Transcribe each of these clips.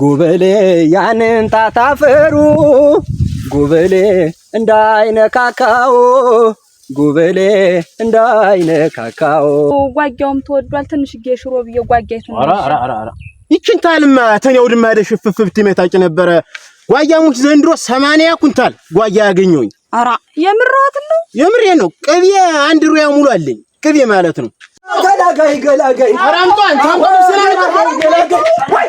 ጉብል ያንን ታታፈሩ ጉብል እንዳይነካካው ጉበሌ እንዳይነካካው ጓጊያውም ተወዷል። ትንሽዬ ሽሮ ብዬ ጓጊያይቱ አራ አራ አራ ይችን ታልማ ተኛው ድማ ደ ሽፍፍ ብትመታጭ ነበረ። ጓጊያሙች ዘንድሮ ሰማንያ ኩንታል ጓያ ያገኘሁኝ። አራ የምራት ነው የምሬ ነው። ቅቤ አንድ ሩያ ሙሉ አለኝ። ቅቤ ማለት ነው። ገላጋይ ገላጋይ አራምጧን ታምጣ ስለ ገላጋይ ወይ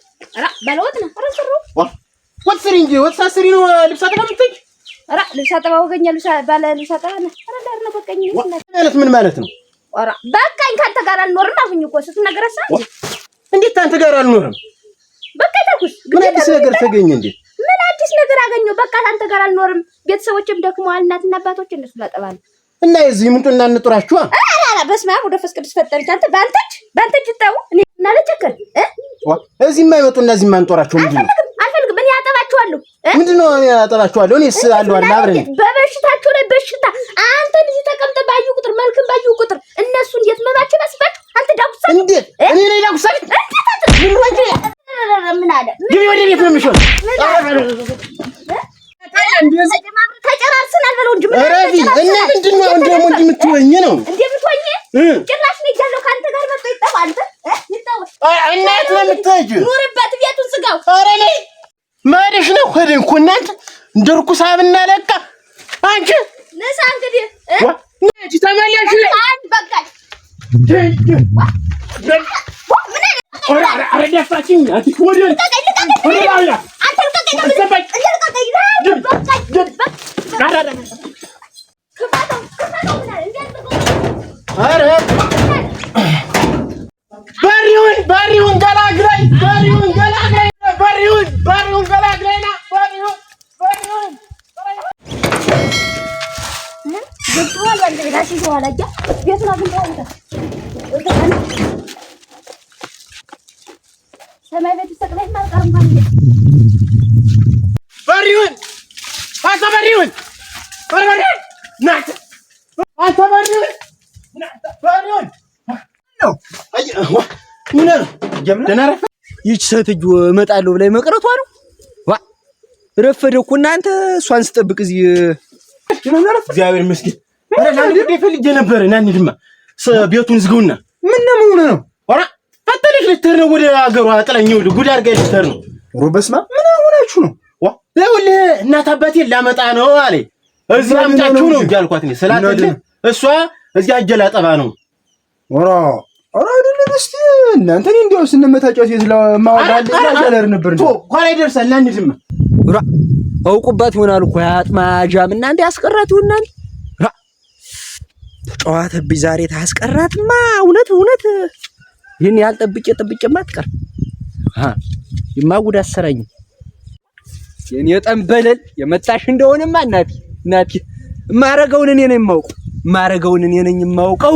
ወጥሪ እንጂ ወጥ ሳስሪ ነው። ልብስ አጠባ የምትሄጂ? ኧረ ልብስ አጠባ ወገኛ ባለ ልብስ አጠባ ነው። ኧረ ዳር ነው በቃኝ። ማለት ምን ማለት ነው? ኧረ በቃኝ። ከአንተ ጋር አልኖርም አልኩኝ እኮ ስትነግረኝ እሷ እንዴት አንተ ጋር አልኖርም? በቃ ተኩስ ምን አዲስ ነገር ተገኘ እንዴ? ምን አዲስ ነገር አገኘሁ? በቃ ከአንተ ጋር አልኖርም። ቤተሰቦችም ደክመዋል። እናትና አባቶች እነሱ ላጠባ ነው እና የዚህ ምንጡና እንጥራችኋ። ኧረ በስመ አብ ወደ ቅዱስ ፈጠረች አንተ በአንተች በአንተች ይጣው እዚህ የማይመጡ እና የማንጦራቸው ምንድን ነው? አልፈልግም። እኔ ምንድን ነው እኔ አጠባቸዋለሁ? አብረን በበሽታቸው ላይ በሽታ አንተ ልጅ ተቀምጠ ባዩ ቁጥር መልክም ባዩ ቁጥር ድርኩስ አብና ለቃ አንቺ ነሳ እንግዲህ ተመለሽ። ይች ሴትዮ እመጣለሁ ብላኝ መቅረቷ ነው። ዋ ረፈደ እኮ እናንተ። እሷን ስጠብቅ እዚህ እግዚአብሔር ይመስገን። ኧረ ለአንድ ፈልጌ ነበረ። ና እንሂድማ። ቤቱን ዝገውና ምን ነው መሆኑ ነው? ኧረ ፈጠነሽ ልትሄድ ነው ወደ አገሯ ጥለኝ። ይኸውልህ ጉድ አድርጋኝ ልትሄድ ነው። ኧረ በስመ አብ ምን ሆናችሁ ነው? ዋ ይኸውልህ እናት አባቴን ላመጣ ነው አለኝ። እዚህ አምጣችሁ ነው እያልኳት እኔ ስላት፣ እሷ እዚህ አጀላ ነው ኧረ ኧረ አይደለም። እስኪ እናንተ እንዲያው ስንመታጫው ነበር ኋላ ይደርሳል። አውቁባት ይሆናል እኮ እና እንደ ይሆናል። ዛሬ ታስቀራትማ። እውነት እውነት ይህን ያህል ጠብቄ ጠብቄማ አትቀርም። የማጉድ አሰራኝ የኔ ጠንበለል የመጣሽ እንደሆነማ እናቴ እናቴ፣ የማረገውን እኔ ነኝ የማውቀው፣ የማረገውን እኔ ነኝ የማውቀው።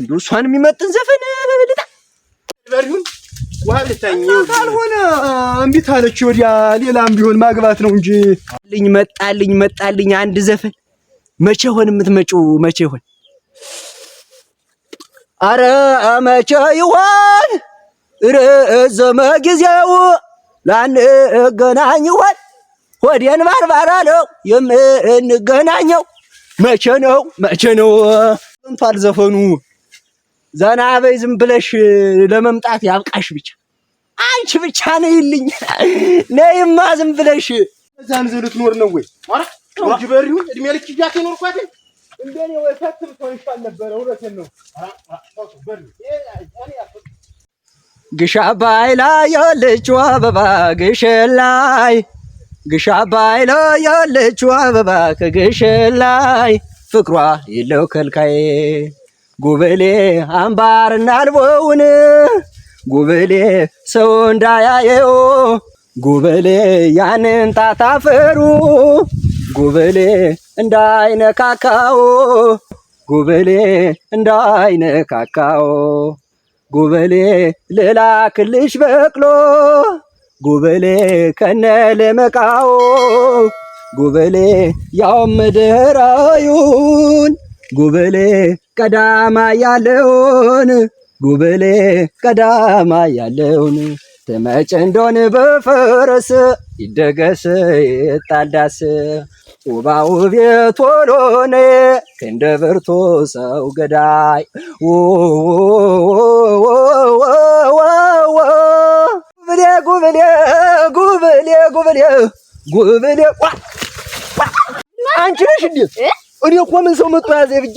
እንደው እሷን የሚመጥን ዘፈን ልጣ በሪሁን ካልሆነ እምቢት አለች። ወዲያ ሌላም ቢሆን ማግባት ነው እንጂ ልኝ መጣልኝ መጣልኝ አንድ ዘፈን መቼ ሆን የምትመጪው? መቼ ይሆን አረ መቼ ይሆን ረዘመ ጊዜው ላንገናኝ ይሆን ሆዴን ባርባራ ነው የምንገናኘው መቼ ነው መቼ ነው እንቷል ዘፈኑ ዘና በይ ዝም ብለሽ ለመምጣት ያብቃሽ። ብቻ አንቺ ብቻ ነይልኝ፣ ነይማ ዝም ብለሽ እዛን ዝም ልትኖር ነው ወይ? ኧረ እንጂ በሪውን እድሜ ልክ እያት ኳት እንደኔ ወይ ፈትም ሰው ይሻል ነበረ። እውነቴን ነው ግሽ አባይ ላይ ያለችው አበባ ግሽን ላይ ግሽ አባይ ላይ አበባ ከግሽን ፍቅሯ የለው ከልካዬ ጉብሌ አምባር እናልቦውን ጉብሌ ሰው እንዳያየው ጉብሌ ያንን ታታፈሩ ጉብሌ እንዳይነካካው ጉብሌ እንዳይነካካው ጉብሌ ሌላ ክልሽ በቅሎ ጉብሌ ከነ ልመቃው ጉብሌ ያው ምድራዩን ጉብሌ ቀዳማ ያለውን ጉብሌ ቀዳማ ያለውን ትመጭ እንደሆን በፈረስ ይደገስ ይጣዳስ ውባው ቤቶሎነ ከእንደ በርቶ ሰው ገዳይ ጉብሌ ጉብሌ ጉብሌ ጉብሌ ጉብሌ አንቺ ነሽ እንዴ? እኔ እኮ ምን ሰው መጥቶ ያዘ ብጃ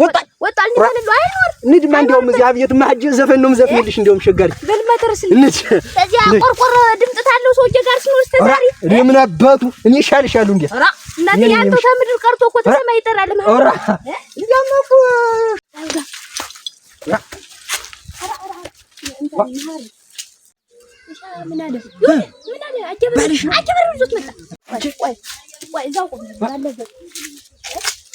ወጣል ወጣል እንበል ነው አይኖር ንድማ እንደውም እዚህ አብየት ማጅ ዘፈን ነው ዘፈንልሽ። እንደውም ሸጋሪ በል መድረስልኝ እንዴ እዚያ ቆርቆር ድምፅ ታለው ሰውዬ ጋር ስኖር ተዛሪ እኔ ምን አባቱ እኔ እሻልሻለሁ እንዴ አራ እናት ያንተ ተምድር ቀርቶ እኮ ተሰማ ይጠራል ማለት አራ እንዴም እኮ ምን አለ ምን አለ አጀበሩ አጀበሩ ይዞት መጣ ቆይ ቆይ እዛው ቆይ ባለበት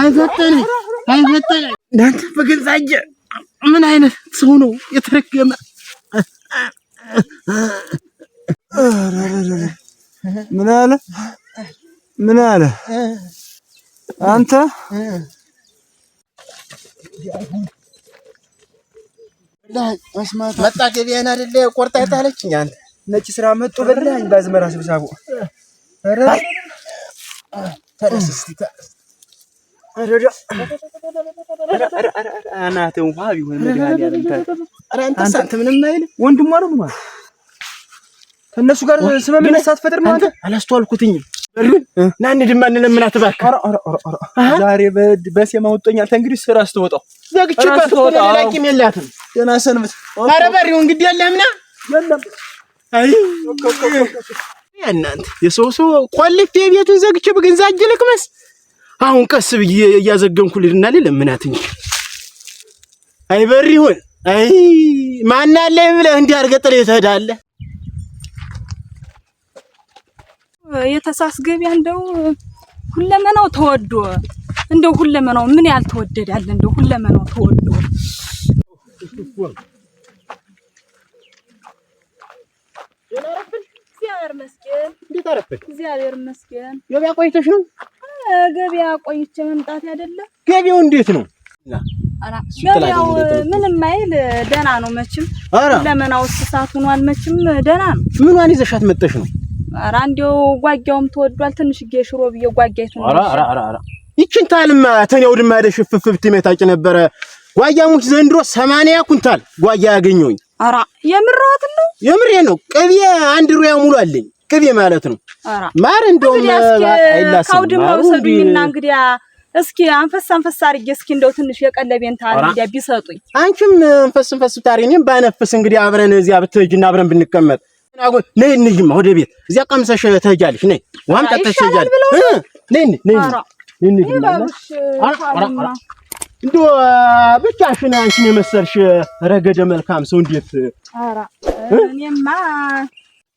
አይፈጠነ አይፈጠነ እናንተ በገዛ ምን አይነት ሰው ነው የተረገመ? ምን አለ ምን አለ አንተ መጣ ገቢያን ቆርጣ የጣለችኝ ነጭ ስራ መጡ በላኝ በአዝመራ ስብሳቦ አናትህን ውሃ ቢሆን መድኃኒዓለም ምንም አይልም። ወንድሟ ነው ብሏል። ከእነሱ ጋር ስምምነት ሳትፈጥር ነው አንተ። ና እንሂድማ እንለምናት እባክህ። ዛሬ በሴማ ወጦኛል። ተእንግዲህ ስራ ስትወጣው ዘግቼበት እኮ ሌላ የላትም። ደህና ሰንብት። ኧረ በሬው እንግዲህ የለህም የለም። አይ እናንተ የሰው ሰው ቆልፌ ቤቱን ዘግቼ በገንዛ እጅ አሁን ቀስ ብዬ እያዘገንኩ ልድና ሌ ለምናትኝ አይበር ይሁን አይ ማናለ ብለህ እንዲህ አድርገህ ጥለህ ትሄዳለህ። የተሳስ ገበያ እንደው ሁለመናው ተወዶ እንደው ሁለመናው ምን ያህል ተወደዳለ እንደው ሁለመናው ተወዶ እግዚአብሔር ይመስገን። እግዚአብሔር ይመስገን። ገበያ ቆይተሽ ነው? ገበያ ቆይቼ መምጣት አይደለም። ገበያው እንዴት ነው? ገበያው ምንም አይል ደህና ነው። መቼም ለመናው ስሳት ሆኗል። መቼም ደህና ነው። ምኗን ይዘሻት መጠሽ ነው? ኧረ እንዲያው ጓጊያውም ተወዷል። ትንሽ ጌ ሽሮ ብዬ ኧረ ኧረ ኧረ ታልማ ድማ ደሽ ነበረ ጓያሙች ዘንድሮ ኩንታል ጓያ ያገኘውኝ። የምራውት ነው የምሬ ነው። ቅቤ አንድ ሩያ ሙሉ አለኝ ቅቤ ማለት ነው ማር እንደውም ካውድማ ውሰዱኝና እንግዲያ እስኪ አንፈስ አንፈስ አርጌ እስኪ እንደው ትንሽ የቀለቤን ታሪ እንግዲያ ቢሰጡኝ፣ አንቺም አንፈስ አንፈስ ታሪ እኔም ባነፍስ እንግዲህ አብረን እዚያ ብትሄጂና አብረን ብንቀመጥ ነይ እንሂጂማ ወደ ቤት እዚያ ቀምሰሽ ትሄጃለሽ። ነይ ውሀም ጠጥተሽ ትሄጃለሽ። ነይ ነይ ነይ እንሂጂማ እንደው ብቻሽን አንቺን የመሰልሽ ረገደ መልካም ሰው እንዴት እኔማ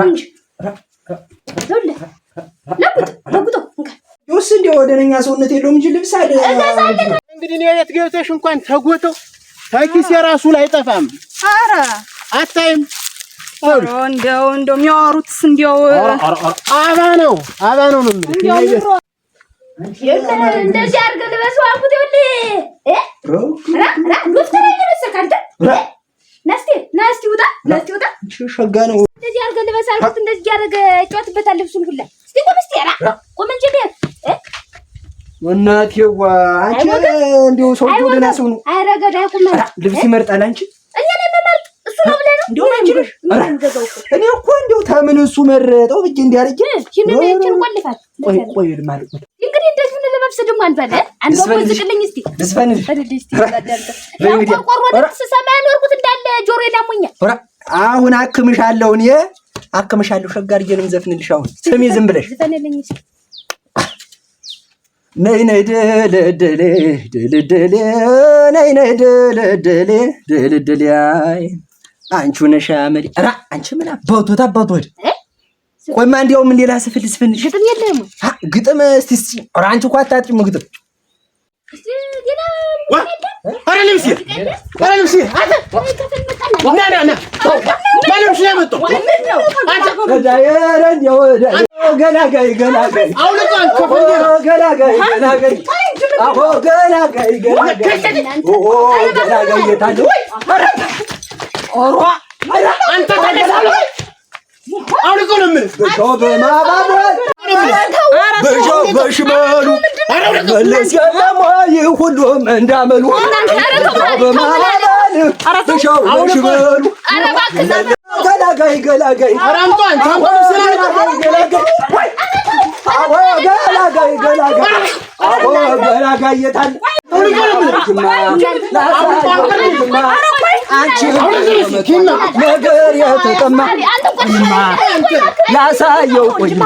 ትንሽ ውስ እንዲ ወደነኛ ሰውነት የለውም እንጂ ልብስ አለ። እንግዲህ እኔ ገብተሽ እንኳን ተጎተው ተኪስ የራሱን አይጠፋም። ኧረ አታይም። እንደው እንደው የሚያወሩትስ እንዲያው አባ ነው አባ ነው ነው እንደዚህ አድርገህ ልበሰው ውጣ ውጣ ሸጋ ነው እናቴዋ አንቺ እንደው ሰው ወደና ሰው ነው። አረጋዳ ልብስ ይመርጣል። አንቺ እኔ ላይ መመርጥ እሱ ነው ብለህ ነው እንደው አንቺ እኔ እኮ እንደው ታምን እሱ መረጠው ብዬ እንዲያርጅ ይሄን ነው ቆልፋት። ቆይ ቆይ ማለት ነው እንግዲህ እንደዚህ ምን ለመብሰድ እንኳን ባለ አንዱ እኮ እስቲ ልስፈንሽ አይደል እስቲ ቆርቆሮ ድምፅ ስሰማ ያኖርኩት እንዳለ ጆሮ ያሙኛል። አሁን አክምሻለሁ እኔ አክምሻለሁ። ሸጋርዬንም ዘፍንልሽ አሁን ስሚ ዝም ብለሽ ነይ ነይ ድልድሌ ድልድሌ ነይ ነይ ድልድሌ ድልድሌ አይ አንቺ ነሽ አመል ኧረ አንቺ ምን አባቶት አባቶት ቆይማ እንዲያውም ሌላ ስፍል ስፍል ግጥም የለም ግጥም እስቲ እስቲ ኧረ አንቺ እኮ አታጥቂም ግጥም ኧረ ልብስ ኧረ ልብስ አንተ ና ና ና ገላጋይ ገላጋይ ገላጋይ ገላጋይ ገላጋይ ገላጋይ አሁን ነው የምልህ በሽመሉ መለስ ያለማይ ሁሉም እንዳመሉ በማባል በሻው በሽመሉ ገላጋይ ገላጋይ ገላጋይ ገላጋይ ገላጋይ የታለ አንቺ ነገር የተጠማ ላሳየው ቆይማ